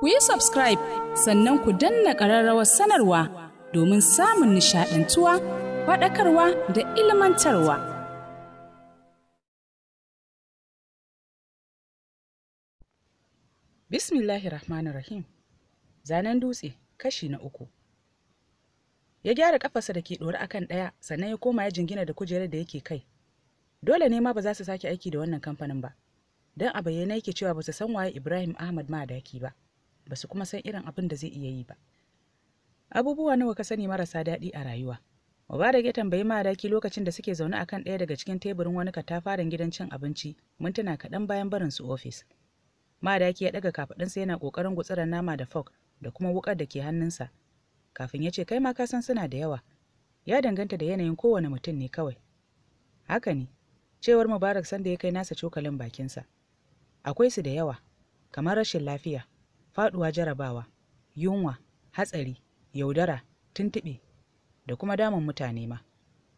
ku yi subscribe sannan ku danna ƙararrawar sanarwa domin samun nishaɗantuwa faɗakarwa da ilmantarwa. Bismillahi Rahmanir Rahim Zanen dutse kashi na uku Ya gyara ƙafarsa da ke ɗori akan ɗaya sannan ya koma ya jingina da kujerar da yake kai. Dole ne ma ba za su sake aiki da wannan kamfanin ba. Don a bayyana yake cewa ba su san waye Ibrahim Ahmad ma Madaki ba. ba su kuma san irin abin da zai iya yi ba abubuwa nawa ka sani marasa daɗi a rayuwa mubarak ya tambayi madaki lokacin da suke zaune akan ɗaya daga cikin teburin wani katafaren gidan cin abinci mintuna kaɗan bayan barin su ofis madaki ya ɗaga kafaɗinsa yana ƙoƙarin gutsurar nama da fok da kuma wuƙar da ke hannunsa kafin ya ce kai ma ka san suna da yawa ya danganta da yanayin kowane mutum ne kawai haka ne cewar mubarak sanda ya kai nasa cokalin bakinsa akwai su da yawa kamar rashin lafiya Faduwa jarabawa yunwa hatsari yaudara tuntuɓe da kuma damun mutane ma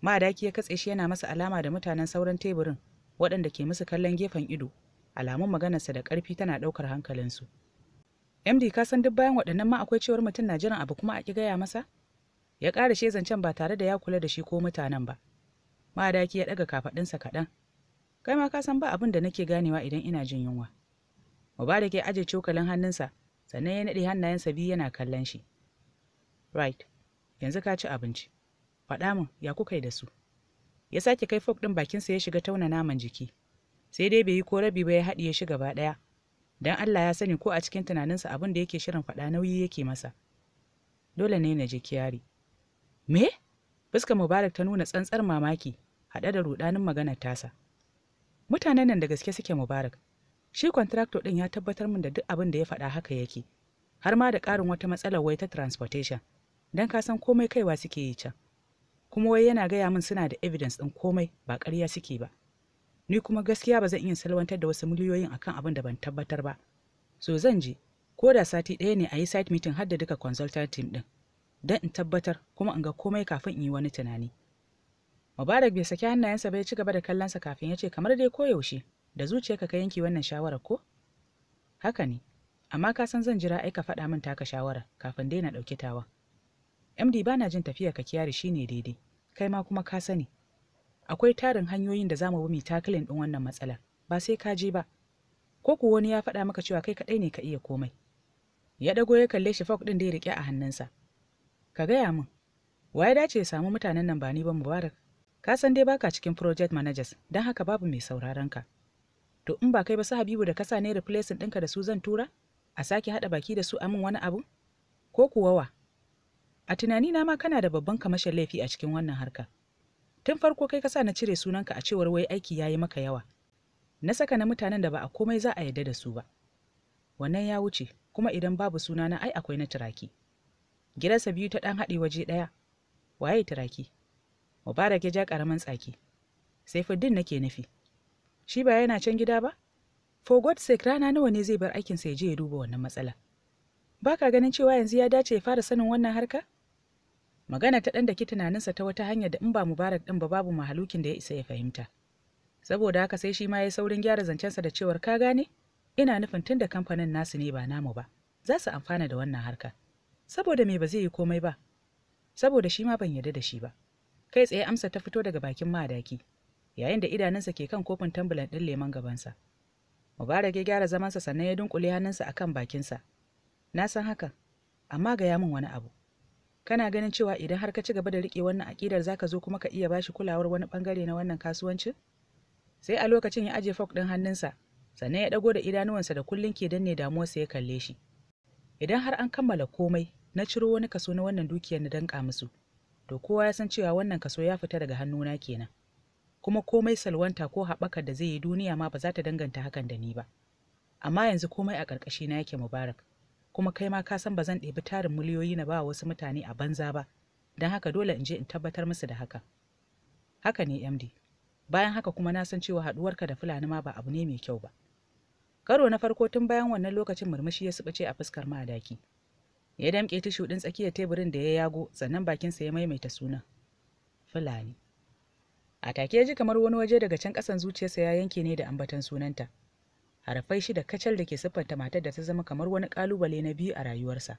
Madaki ya katse shi yana masa alama da mutanen sauran teburin waɗanda ke musu kallon gefen ido alamun maganarsa da ƙarfi tana ɗaukar hankalinsu md ka san duk bayan waɗannan ma akwai cewar mutum na jiran abu kuma a ƙi gaya masa ya ƙara shi zancen ba tare da ya kula da shi ko mutanen ba Madaki ya ɗaga kafaɗinsa kaɗan kai ma ka san ba abin da nake ganewa idan ina jin yunwa mubarak ya ajiye cokalin hannunsa sannan ya naɗe hannayensa biyu yana kallon shi right yanzu ka ci abinci faɗa min ya kuka da su ya sake kai fok ɗin bakinsa ya shiga tauna naman jiki sai dai bai yi ko rabi ba ya haɗiye shi gaba ɗaya don allah ya sani ko a cikin tunaninsa abin da yake shirin faɗa nauyi yake masa dole ne na je kiyari me fuskar mubarak ta nuna tsantsar mamaki haɗe da ruɗanin maganar tasa mutanen nan da gaske suke mubarak shi contractor din ya tabbatar min da duk abin da ya faɗa haka yake har ma da ƙarin wata matsalar wai ta transportation don ka san komai kaiwa suke yi can kuma wai yana gaya min suna da evidence ɗin komai ba ƙarya suke ba ni kuma gaskiya ba zan iya salwantar da wasu miliyoyin akan abin da ban tabbatar ba so zan je ko da sati ɗaya ne a yi site meeting har da duka consultant team ɗin don in tabbatar kuma in ga komai kafin in yi wani tunani mubarak bai saki hannayensa bai ci gaba da kallonsa kafin ya ce kamar dai koyaushe da zuciyarka ka yanke wannan shawara ko haka ne amma ka san zan jira aika faɗa min taka shawara kafin daina ɗauki tawa md na jin tafiya ka shi ne daidai kai ma kuma ka sani akwai tarin hanyoyin da zamu bi mu tackling ɗin wannan matsala ba sai ka je ba ko ku wani ya faɗa maka cewa kai kaɗai ne ka iya komai ya ɗago ya kalle shi fok ɗin da ya riƙe a hannunsa ka gaya min wa ya dace ya samu mutanen nan ba ni ba mubarak ka san dai baka cikin project managers don haka babu mai sauraron ka to in ba kai ba su habibu da kasa ne replacing ɗinka da su zan tura a sake haɗa baki da su amin wani abu ko kuwa wa a na ma kana da babban kamashin laifi a cikin wannan harka tun farko kai kasa na cire sunanka a cewar wai aiki ya yi maka yawa na saka na mutanen da ba a komai za a yarda da su ba wannan ya wuce kuma idan babu suna na ai akwai na turaki gidansa biyu ta ɗan haɗe waje ɗaya waye turaki mubarak ya ja ƙaramin tsaki Sai Fiddin nake nufi shi ba yana can gida ba for god sake rana nawa ne zai bar aikinsa ya je ya duba wannan matsala ba ka ganin cewa yanzu ya dace ya fara sanin wannan harka magana ta ɗan da ki tunaninsa ta wata hanya da in ba mubarak ɗin ba babu mahalukin da ya isa ya fahimta saboda haka sai shi ma ya saurin gyara zancensa da cewar ka gane ina nufin tun da kamfanin nasu ne ba namu ba za su amfana da wannan harka saboda me ba zai yi komai ba saboda shi ma ban yarda da shi ba kai tsaye amsa ta fito daga bakin madaki yayin da idanunsa ke kan kofin tambulan ɗin leman gabansa mubarak ya gyara zamansa sannan ya dunkule hannunsa akan bakinsa na san hakan amma ga min wani abu kana ganin cewa idan har ka ci gaba da riƙe wannan aƙidar zaka zo kuma ka iya bashi kulawar wani ɓangare na wannan kasuwanci? sai a lokacin ya aje fok ɗin hannunsa sannan ya ɗago da idanuwansa da kullum ke danne damuwarsa ya kalle shi idan har an kammala komai na ciro wani kaso na wannan dukiyar na danƙa musu to kowa ya san cewa wannan kaso ya fita daga hannuna kenan kuma komai salwanta ko haɓaka da zai yi duniya ma ba za ta danganta hakan da ni ba amma yanzu komai a ƙarƙashi na yake mubarak kuma kai ma ka san ba zan ɗebi tarin miliyoyi na ba wasu mutane a banza ba don haka dole in je in tabbatar musu da haka haka ne md bayan haka kuma na san cewa haɗuwarka da fulani ma ba abu ne mai kyau ba karo na farko tun bayan wannan lokacin murmushi ya ce a fuskar ma'adaki ya damƙe tushu ɗin tsakiyar teburin da ya yago sannan bakinsa ya maimaita suna fulani a take ya ji kamar wani waje daga can ƙasan zuciyarsa ya yanke ne da ambatan sunanta harafai da kacal da ke siffanta matar da ta zama kamar wani ƙalubale na biyu a rayuwarsa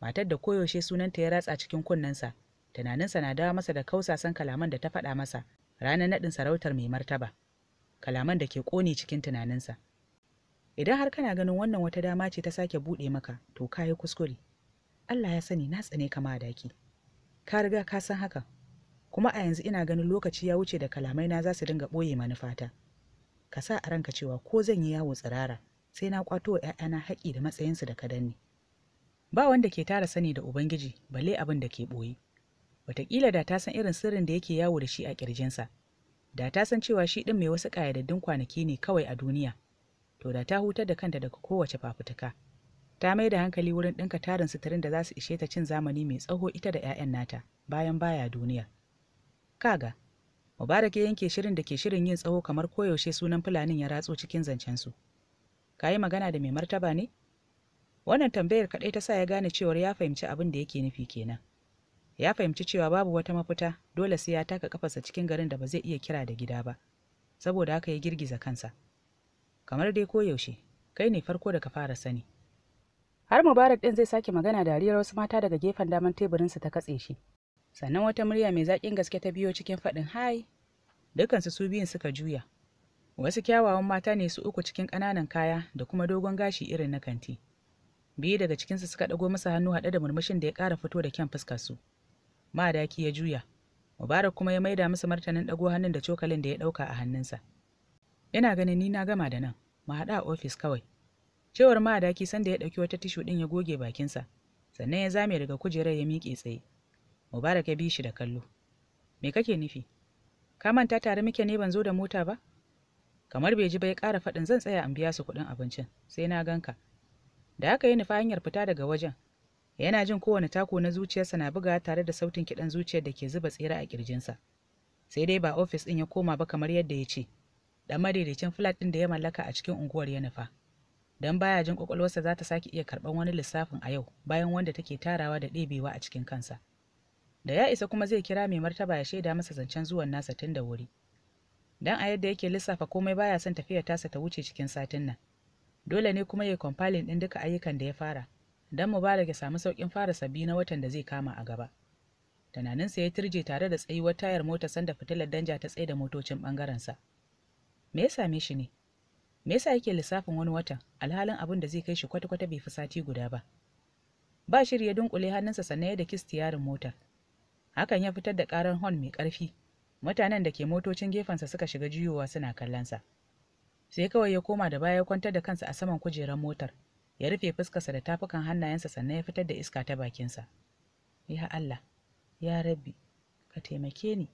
matar da koyaushe sunanta ya ratsa cikin kunnensa tunaninsa na dawo masa da kausasan kalaman da ta faɗa masa ranar naɗin sarautar mai martaba kalaman da ke ƙone cikin tunaninsa idan har kana ganin wannan wata dama ce ta sake buɗe maka to ka yi kuskure Allah ya sani na tsane kama daki ka riga ka san haka kuma a yanzu ina ganin lokaci ya wuce da kalamai na za su dinga ɓoye manufata ka sa a ranka cewa ko zan yi yawo tsirara sai na kwato wa 'ya'yana haƙƙi da matsayinsu da kadanni ba wanda ke tara sani da ubangiji balle abin da ke ɓoye wataƙila da ta san irin sirrin da yake yawo da shi a ƙirjinsa da ta san cewa shi ɗin mai wasu ƙayyadaddun kwanaki ne kawai a duniya to da ta hutar da kanta daga kowace fafutuka ta mai da hankali wurin ɗinka tarin suturin da za su ishe ta cin zamani mai tsawo ita da 'ya'yan nata bayan baya duniya kaga mubarak ya yanke shirin da ke shirin yin tsawo kamar koyaushe sunan fulanin ya ratso cikin zancen su. ka yi magana da mai martaba ne wannan tambayar kaɗai ta sa ya gane cewar ya fahimci abin da yake nufi kenan ya fahimci cewa babu wata mafita dole sai ya taka kafarsa cikin garin da ba zai iya kira da gida ba saboda haka ya girgiza kansa kamar dai koyaushe kai ne farko da ka fara sani har mubarak ɗin zai sake magana da dariyar wasu mata daga gefen daman teburinsa ta katse shi sannan wata murya mai zaƙin gaske ta biyo cikin faɗin hai dukansu su biyun suka juya wasu kyawawan mata ne su uku cikin ƙananan kaya da kuma dogon gashi irin na kanti biyu daga cikinsu suka ɗago masa hannu haɗe da murmushin da ya ƙara fito da kyan fuskarsu madaki ya juya mubarak kuma ya maida musu martanin ɗago hannun da cokalin da ya ɗauka a hannunsa ina ganin ni na gama da nan mu haɗu a ofis kawai cewar madaki sanda ya ɗauki wata tishu ɗin ya goge bakinsa sannan ya zame daga kujerar ya miƙe tsaye Mubarak ya bi shi da kallo. Me kake nufi? Ka manta tare muke ne ban zo da mota ba? Kamar bai ji ba ya ƙara faɗin zan tsaya an biya su kuɗin abincin, sai na ganka. Da aka yi nufa hanyar fita daga wajen. Yana jin kowane tako na zuciyarsa na buga tare da sautin kiɗan zuciyar da ke zuba tsira a ƙirjinsa. Sai dai ba ofis ɗin ya koma ba kamar yadda ya ce. Dan madaidaicin flat ɗin da ya mallaka a cikin unguwar ya nufa. don baya jin ƙwaƙwalwarsa za ta sake iya karɓar wani lissafin a yau bayan wanda take tarawa da ɗebewa a cikin kansa. da ya isa kuma zai kira mai martaba ya shaida masa zancen zuwan nasa tun da wuri dan a yadda yake lissafa komai baya son tafiya tasa ta wuce cikin satin nan dole ne kuma ya compiling din duka ayyukan da ya fara dan mubarak ya samu saukin fara sabbi na watan da zai kama a gaba tunaninsa ya turje tare da tsayuwar tayar mota sanda fitilar danja ta tsaye da motocin bangarensa me ya same shi ne me yasa yake lissafin wani watan alhalin abin da zai kai shi kwata-kwata bai fi sati guda ba ba shiri ya dunkule hannunsa sannan ya da kistiyarin mota. hakan ya fitar da karar hon mai karfi mutanen da ke motocin gefensa suka shiga juyowa suna kallonsa sai kawai ya koma da baya ya kwantar da kansa a saman kujerar motar ya rufe fuskarsa da tafukan hannayensa sannan ya fitar da iska ta bakinsa ya Allah ya rabbi ka taimake ni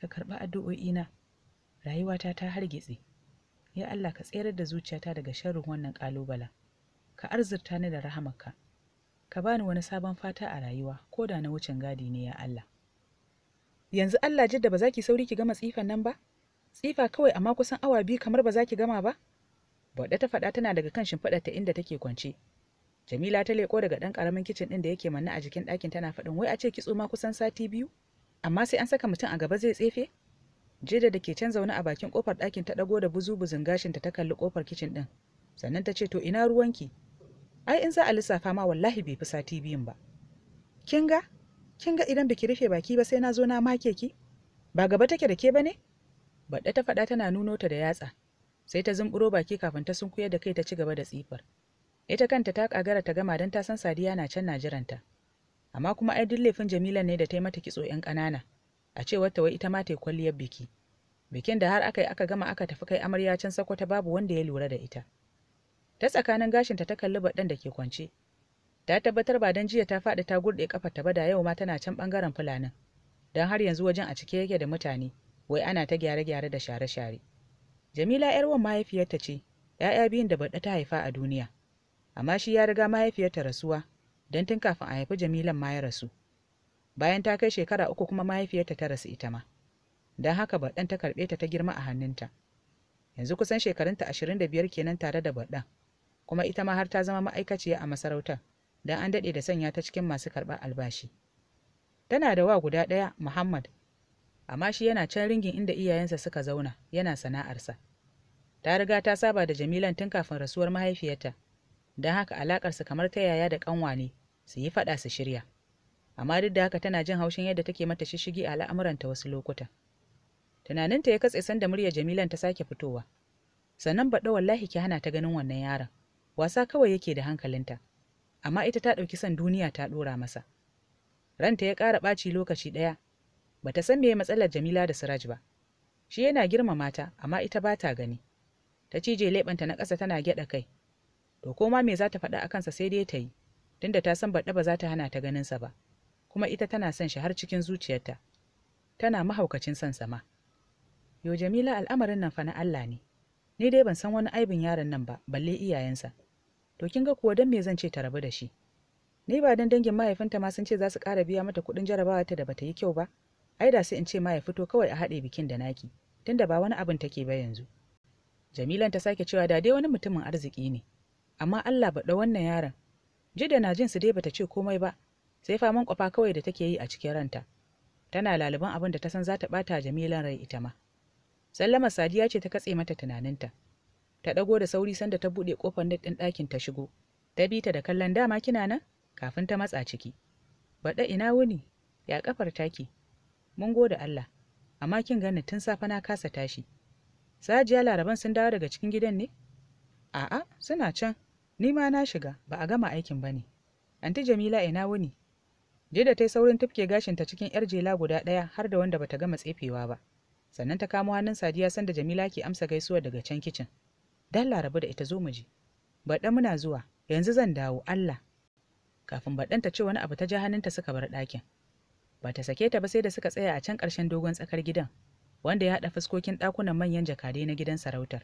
ka karɓi addu'o'i na. rayuwata ta hargitse ya Allah ka tserar da zuciyata daga sharrin wannan kalubala ka arzurta ni da rahamarka ka bani wani sabon fata a rayuwa ko da na wucin gadi ne ya Allah yanzu Allah jidda ba za ki sauri ki gama tsifan nan ba tsifa kawai amma kusan awa biyu kamar ba za ki gama ba Bauɗe ta faɗa tana daga kan shimfiɗar ta inda take kwance Jamila ta leƙo daga ɗan ƙaramin kicin ɗin da yake manne a jikin ɗakin tana faɗin wai a ce kitso ma kusan sati biyu amma sai an saka mutum a gaba zai tsefe Jidda da ke can zaune a bakin kofar ɗakin ta ɗago da buzu buzun gashinta ta ta kalli kofar kicin ɗin sannan ta ce to ina ruwanki ai in za a lissafa ma wallahi bai fi sati biyun ba kin ga kin ga idan biki rufe baki ba sai na zo na make ki ba gaba take da ke bane baɗa ta faɗa tana nuno ta da yatsa sai ta zumburo baki kafin ta sunkuyar da kai ta ci gaba da tsifar ita kanta ta kagara ta gama don ta san sadiya na can na jiranta amma kuma ai duk laifin jamila ne da ta yi mata kitso yan ƙanana a ce wata wai ita ma ta yi kwalliyar biki bikin da har aka yi aka gama aka tafi kai amarya can sakwata babu wanda ya lura da ita ta tsakanin gashinta ta kalli baɗan da ke kwance Ta tabbatar ba don jiya ta faɗi ta gurɗe kafarta ba da yau ma tana can ɓangaren fulanin don har yanzu wajen a cike yake da mutane wai ana ta gyare-gyare da share-share jamila yar wan mahaifiyarta ce ‘ya'ya biyun da baɗa ta haifa a duniya amma shi ya riga mahaifiyarta rasuwa don tun kafin a haifi jamilan ma ya rasu bayan ta kai shekara uku kuma mahaifiyarta ta rasu ita ma don haka baɗan ta karɓe ta ta girma a hannunta yanzu kusan shekarunta ashirin da biyar kenan tare da baɗan kuma ita ma har ta zama ma'aikaciya a masarautar don an daɗe da sanya ta cikin masu karɓar albashi tana da wa guda ɗaya muhammad amma shi yana can ringin inda iyayensa suka zauna yana sana'arsa ta riga ta saba da jamilan tun kafin rasuwar mahaifiyarta don haka alaƙarsu kamar ta yaya da ƙanwa ne su yi faɗa su shirya amma duk da haka tana jin haushin yadda take mata shishigi a al'amuranta wasu lokutan tunaninta ya katse sanda murya jamilan ta sake fitowa sannan baɗo wallahi ki hana ta ganin wannan yaron wasa kawai yake da hankalinta amma ita ta ɗauki son duniya ta ɗora masa ranta ya ƙara ɓaci lokaci ɗaya ba ta san meye matsalar jamila da siraj ba shi yana girmamata, mata, amma ita ba ta gani ta cije leɓanta na ƙasa tana gyaɗa kai to koma ma me za ta faɗa a kansa sai dai ta yi tunda ta san baɗa ba za ta hana ta ganinsa ba kuma ita tana son shi har cikin zuciyarta tana mahaukacin son sama yo jamila al'amarin nan fa na Allah ne ni dai ban san wani aibin yaron nan ba balle iyayensa to kin ga kuwa dan me zan ce ta rabu da shi ni ba dan dangin mahaifinta ma sun ce za su ƙara biya mata kuɗin jarabawa ta da bata yi kyau ba ai da sai in ce ma ya fito kawai a haɗe bikin da naki tunda ba wani abin take ba yanzu jamilan ta sake cewa da dai wani mutumin arziki ne amma Allah ba da wannan yaron ji da na jin su dai bata ce komai ba sai faman kwafa kawai da take yi a cikin ranta tana laliban abin da ta san za ta bata jamilan rai ita ma sallama sadiya ce ta katse mata tunaninta ta ɗago da sauri sanda ta buɗe kofar net ɗin ɗakin ta shigo ta bi ta da kallon dama kina nan kafin ta matsa ciki baɗa ina wuni ya ƙafar taki mun gode Allah amma kin gani tun safe na kasa tashi sajiya laraban sun dawo daga cikin gidan ne a'a suna can ni ma na shiga ba a gama aikin ba ne anti jamila ina wuni jida ta yi saurin tufke gashin ta cikin yar jela guda ɗaya har da wanda bata gama tsefewa ba sannan ta kamo hannun sadiya sanda jamila ke amsa gaisuwa daga can kicin dan larabu da ita zo mu je baɗa muna zuwa yanzu zan dawo allah kafin baɗan ta ce wani abu ta ja hannunta suka bar ɗakin ba ta sake ta ba sai da suka tsaya a can ƙarshen dogon tsakar gidan wanda ya haɗa fuskokin ɗakunan manyan jakadai na gidan sarautar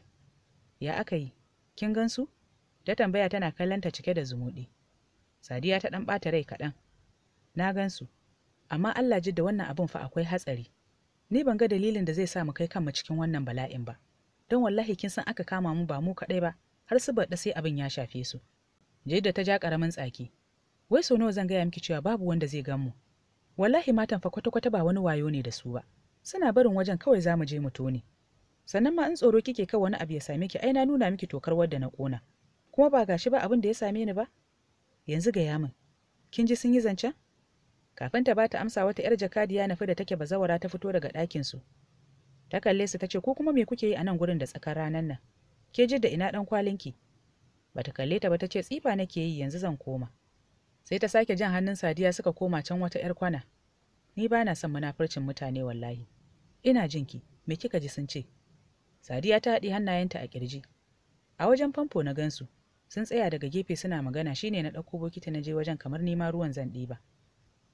ya aka yi kin gansu ta tambaya tana kallonta cike da zumuɗi sadiya ta ɗan ɓata rai kaɗan na gan su. amma allah ji da wannan abin fa akwai hatsari ni ban ga dalilin da zai sa mu kai kanmu cikin wannan bala'in ba don wallahi kin san aka kama mu ba mu kaɗai ba har su bada sai abin ya shafe su jidda ta ja karamin tsaki wai sau nawa zan gaya miki cewa babu wanda zai gan mu wallahi matan fa kwata-kwata ba wani wayo ne da su ba suna barin wajen kawai za mu je mu tone sannan ma in tsoro kike kan wani abu ya same ki ai na nuna miki tokar wadda na kona kuma ba gashi ba abin da ya same ni ba yanzu ga yamin kin ji sun yi zancen kafin ta bata amsa wata yar jakadiya nafi da take bazawara ta fito daga ɗakin su ta kalle su ta ce ko kuma me kuke yi a nan gurin da tsakar ranar nan ke da ina dan kwalinki bata kalle ta ba ta ce tsifa nake yi yanzu zan koma sai ta sake jan hannun sadiya suka koma can wata yar kwana ni ba na son munafurcin mutane wallahi ina jin ki, me kika ji sun ce sadiya ta haɗi hannayenta a kirji a wajen famfo na gansu sun tsaya daga gefe suna magana shine na ɗauko bokiti na je wajen kamar nima ruwan zan ɗiba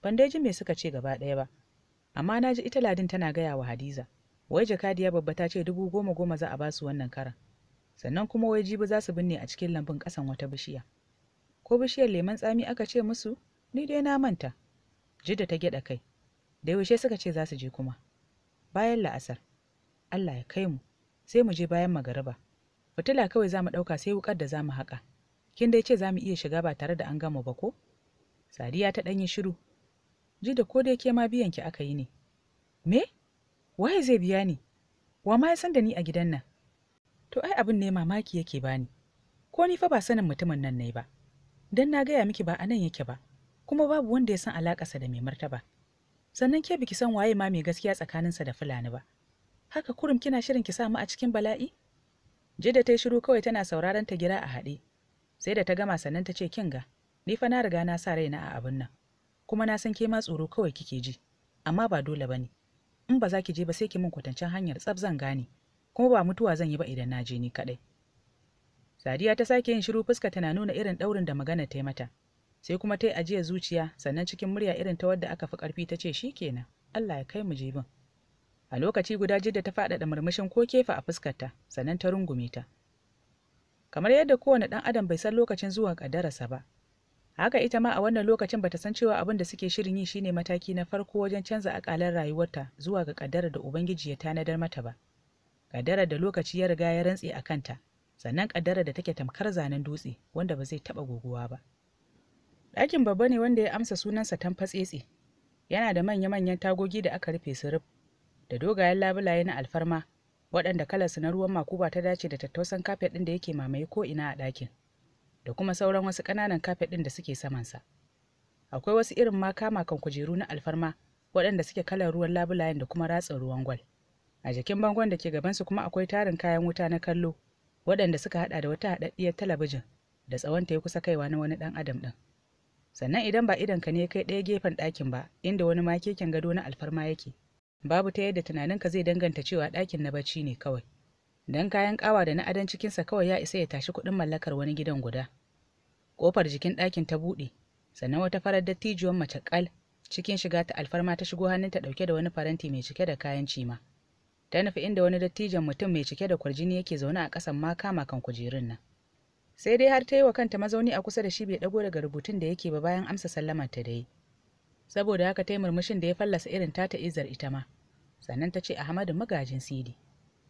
ban dai ji me suka ce gaba ɗaya ba amma na ji ita ladin tana gaya wa hadiza wai jakadiya babba ta ce dubu goma goma za a ba su wannan karan sannan kuma wai jibi za su binne a cikin lambun ƙasan wata bishiya ko bishiyar leman tsami aka ce musu ni dai na manta Jida ta gyaɗa kai da yaushe suka ce za su je kuma bayan la'asar allah ya kai mu sai mu je bayan magariba fitila kawai za mu ɗauka sai wukar da za mu haƙa kin dai ce za mu iya shiga ba tare da an gama ba ko sadiya ta ɗanyi shiru Jida ko dai ke ma biyan ki aka yi ne me waye zai biya ni wa ma ya san da ni a gidan nan to ai abin ne mamaki yake bani ko ni fa ba sanin mutumin nan ne ba dan na gaya miki ba a nan yake ba kuma babu wanda ya san alakarsa da mai martaba sannan ke biki san waye ma mai gaskiya tsakaninsa da fulani ba haka kurum kina shirin ki samu a cikin bala'i je ta yi shiru kawai tana sauraron ta gira a haɗe sai da ta gama sannan ta ce kin ga ni fa na riga na sa raina a abin nan kuma na san ke ma tsoro kawai kike ji amma ba dole ba ne in ba za ki je ba sai ki min kwatancen hanyar tsaf zan gane kuma ba mutuwa zan yi ba idan na je ni kaɗai sadiya ta sake yin shiru fuska tana nuna irin ɗaurin da magana ta yi mata sai kuma ta yi ajiyar zuciya sannan cikin murya irin ta wadda aka fi ƙarfi ta ce shi kenan allah ya kai mu jibin a lokaci guda jidda ta faɗaɗa murmushin ko kefa a fuskarta sannan ta rungume ta kamar yadda kowane ɗan adam bai san lokacin zuwa ƙaddararsa ba haka ita ma a wannan lokacin bata san cewa abin da suke shirin yi shine mataki na farko wajen canza akalar rayuwarta zuwa ga kaddara da ubangiji ya tanadar mata ba kaddara da lokaci ya riga ya rantse a kanta sannan kaddara da take tamkar zanen dutse wanda ba zai taba guguwa ba ɗakin babba ne wanda ya amsa sunansa tamfatsetse yana da manya-manyan tagogi da aka rufe su rub da dogayen labulaye na alfarma waɗanda kalarsu na ruwan makuba ta dace da tattausan kafet ɗin da yake mamaye ko ina a ɗakin da kuma sauran wasu ƙananan kafet ɗin da suke samansa akwai wasu irin ma kama kan kujeru na alfarma waɗanda suke kalar ruwan labulayen da kuma ratsin ruwan gwal a jikin bangon da ke gaban su kuma akwai tarin kayan wuta na kallo waɗanda suka haɗa da wata haɗaɗɗiyar talabijin da tsawonta ya kusa kaiwa na wani ɗan adam ɗin sannan idan ba idan ka ne kai ɗaya gefen ɗakin ba inda wani ma keken gado na alfarma yake babu ta yadda tunaninka zai danganta cewa ɗakin na bacci ne kawai don kayan ƙawa da na adon cikinsa kawai ya isa ya tashi kuɗin mallakar wani gidan guda Kofar jikin ɗakin ta buɗe, sannan wata farar dattijuwar mace ƙal cikin shiga ta alfarma ta shigo hannunta ɗauke da wani faranti mai cike da kayan cima. Ta nufi inda wani dattijan mutum mai cike da kwarjini yake zaune a ƙasan ma kama kan kujerun nan. Sai dai har ta yi wa kanta mazauni a kusa da shi bai ɗago daga rubutun da yake ba bayan amsa sallamar ta da yi. Saboda haka ta yi murmushin da ya fallasa irin tata izar ita ma. Sannan ta ce Ahmadu magajin Sidi.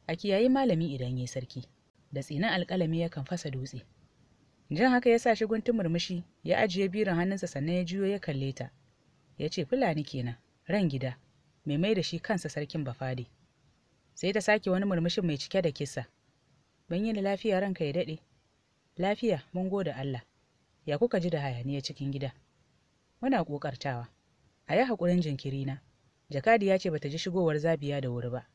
A kiyayi malami idan ya sarki. Da tsinin alƙalami yakan fasa dutse. jan haka ya sa shi guntun murmushi ya ajiye birin hannunsa sannan ya juyo ya kalle ta ya ce fulani kenan ran gida mai mai da shi kansa sarkin bafade sai ta sake wani murmushin mai cike da kisa ban yi lafiya ranka ya daɗe lafiya mun gode allah ya kuka ji da hayaniya cikin gida muna ƙoƙartawa a yi haƙurin jinkiri na jakadi ya ce bata ji shigowar zabiya da wuri ba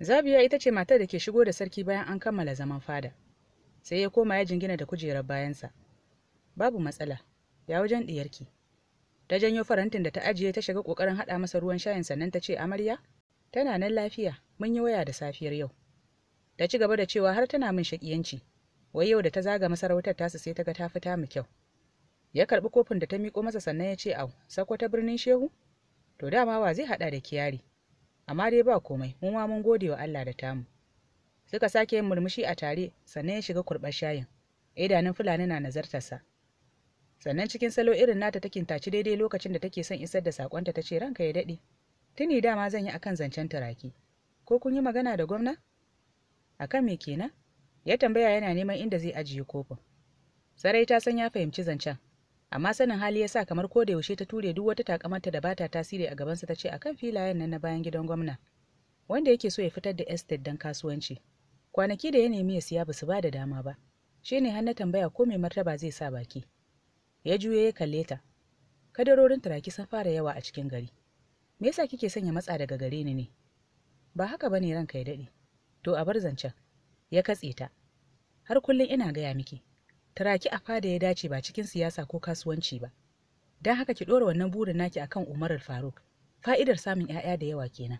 zabiya ita ce matar da ke shigo da sarki bayan an kammala zaman fada sai ya koma ya jingina da kujerar bayansa babu matsala ya wajen diyarki ta janyo farantin da ta ajiye ta shiga kokarin hada masa ruwan shayin sannan ta ce amarya tana nan lafiya mun yi waya da safiyar yau ta ci gaba da cewa har tana min shakiyanci wai yau da ta zaga masarautar tasu sai ta ga ta fita mu kyau ya karbi kofin da ta miko masa sannan ya ce au sako ta birnin shehu to dama wa zai hada da kiyari amma dai ba komai mu ma mun gode wa Allah da tamu suka sake yin murmushi a tare sannan ya shiga kurɓar shayin idanun fulani na nazartarsa sannan cikin salo irin nata ta kintaci daidai lokacin da take son isar da sakonta ta ce ranka ya daɗe tuni dama zan yi akan zancen turaki ko kun yi magana da gwamna akan me kenan ya tambaya yana neman inda zai ajiye kofin sarai ta san ya fahimci zancen amma sanin hali ya sa kamar ko da yaushe ta ture duk wata takamanta da bata tasiri a gabansa ta ce akan filayen nan na bayan gidan gwamna wanda yake so ya fitar da estate don kasuwanci kwanaki da ya nemi ya siya ba su ba da dama ba shi ne har tambaya ko mai martaba zai sa baki ya juye ya kalle ta kadarorin turaki sun fara yawa a cikin gari me yasa kike sanya matsa daga gare ni ne ba haka bane ranka ya dade to a bar zancen ya katse ta har kullun ina gaya miki turaki a fada ya dace ba cikin siyasa ko kasuwanci ba dan haka ki ɗora wannan burin naki akan umarar faruk fa'idar samun 'ya'ya da yawa kenan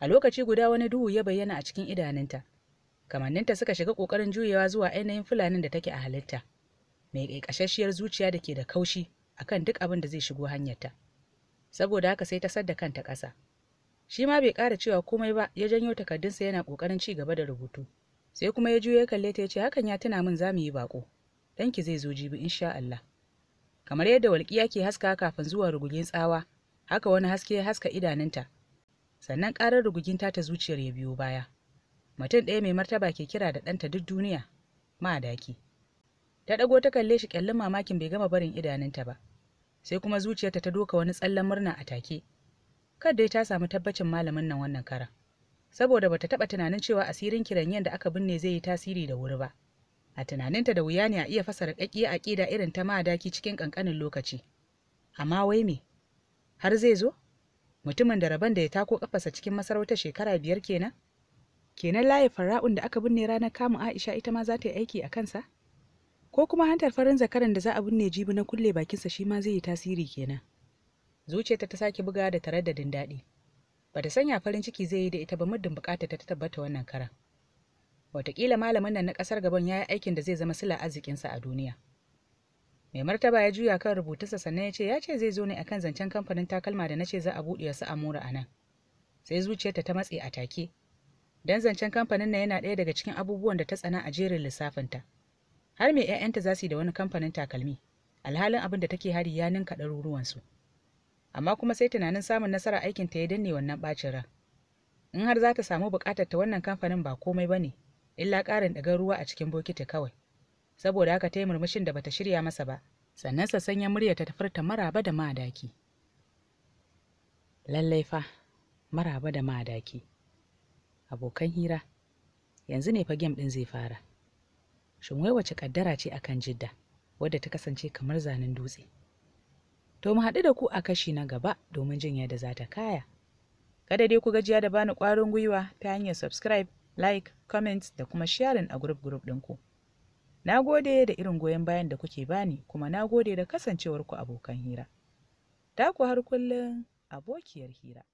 a lokaci guda wani duhu ya bayyana a cikin idanunta kamanninta suka shiga ƙoƙarin juyewa zuwa ainihin fulanin da take a halitta mai ƙaiƙashasshiyar zuciya da ke da kaushi akan duk abin da zai shigo hanyarta saboda haka sai ta sadda kanta ƙasa shi ma bai ƙara cewa komai ba ya janyo takardunsa yana ƙoƙarin ci gaba da rubutu sai kuma ya juyo ya kalle ta ya ce hakan ya tuna min za mu yi baƙo ɗanki zai zo jibi insha Allah kamar yadda walƙiya ke haska kafin zuwa rugugin tsawa haka wani haske ya haska idanunta sannan ƙarar rugugin ta ta zuciyar ya biyo baya mutum ɗaya mai martaba ke kira da ɗanta duk duniya daki ta ɗago ta kalle shi ƙyallin mamakin bai gama barin idanunta ba sai kuma zuciyarta ta doka wani tsallen murna a take kar dai ta samu tabbacin malamin nan wannan kara saboda bata taɓa tunanin cewa asirin kiranyen da aka binne zai yi tasiri da wuri ba a tunaninta da wuya ne a iya fasa raƙaƙƙiya ƙida irin ta madaki cikin ƙanƙanin lokaci amma wai me har zai zo mutumin da rabon da ya tako kafasa cikin masarautar shekara biyar kenan kenan laye fara'un da aka binne ranar kamun aisha ita ma za ta yi aiki a kansa ko kuma hantar farin zakaran da za a binne jibi na kulle bakinsa shi ma zai yi tasiri kenan zuciyarta ta sake buga da tare da daɗi ba ta sanya farin ciki zai yi da ita ba muddin bukatar ta tabbata wannan karan Wataƙila malamin nan na ƙasar gaban ya yi aikin da zai zama sila arzikinsa a duniya. Mai martaba ya juya kan rubutunsa sannan ya ce ya ce zai zo ne akan zancen kamfanin takalma da na ce za a buɗe wasu amura a nan. Sai zuciyarta ta matse a take, don zancen kamfanin nan yana ɗaya daga cikin abubuwan da ta tsana a jerin lissafinta har me 'ya'yanta za su yi da wani kamfanin takalmi alhalin abin da take hari ya ninka ɗaruruwansu amma kuma sai tunanin samun nasara aikinta ya danne wannan ɓacin ran in har za ta samu buƙatar ta wannan kamfanin ba komai ba ne illa ƙarin ɗagar ruwa a cikin bokiti kawai saboda haka ta yi murmushin da bata shirya masa ba sannan sanya murya ta furta maraba da madaki lallai fa maraba da madaki abokan hira yanzu ne fa game ɗin zai fara shin wai wace kaddara ce akan jidda wadda ta kasance kamar zanen dutse to mu haɗu da ku a kashi na gaba domin jin yadda za ta kaya kada dai ku gajiya da bani ƙwarin gwiwa ta hanyar subscribe like comment da kuma sharing a group group ɗinku na gode da irin goyon bayan da kuke bani kuma na gode da kasancewarku abokan hira ta ku har kullum abokiyar hira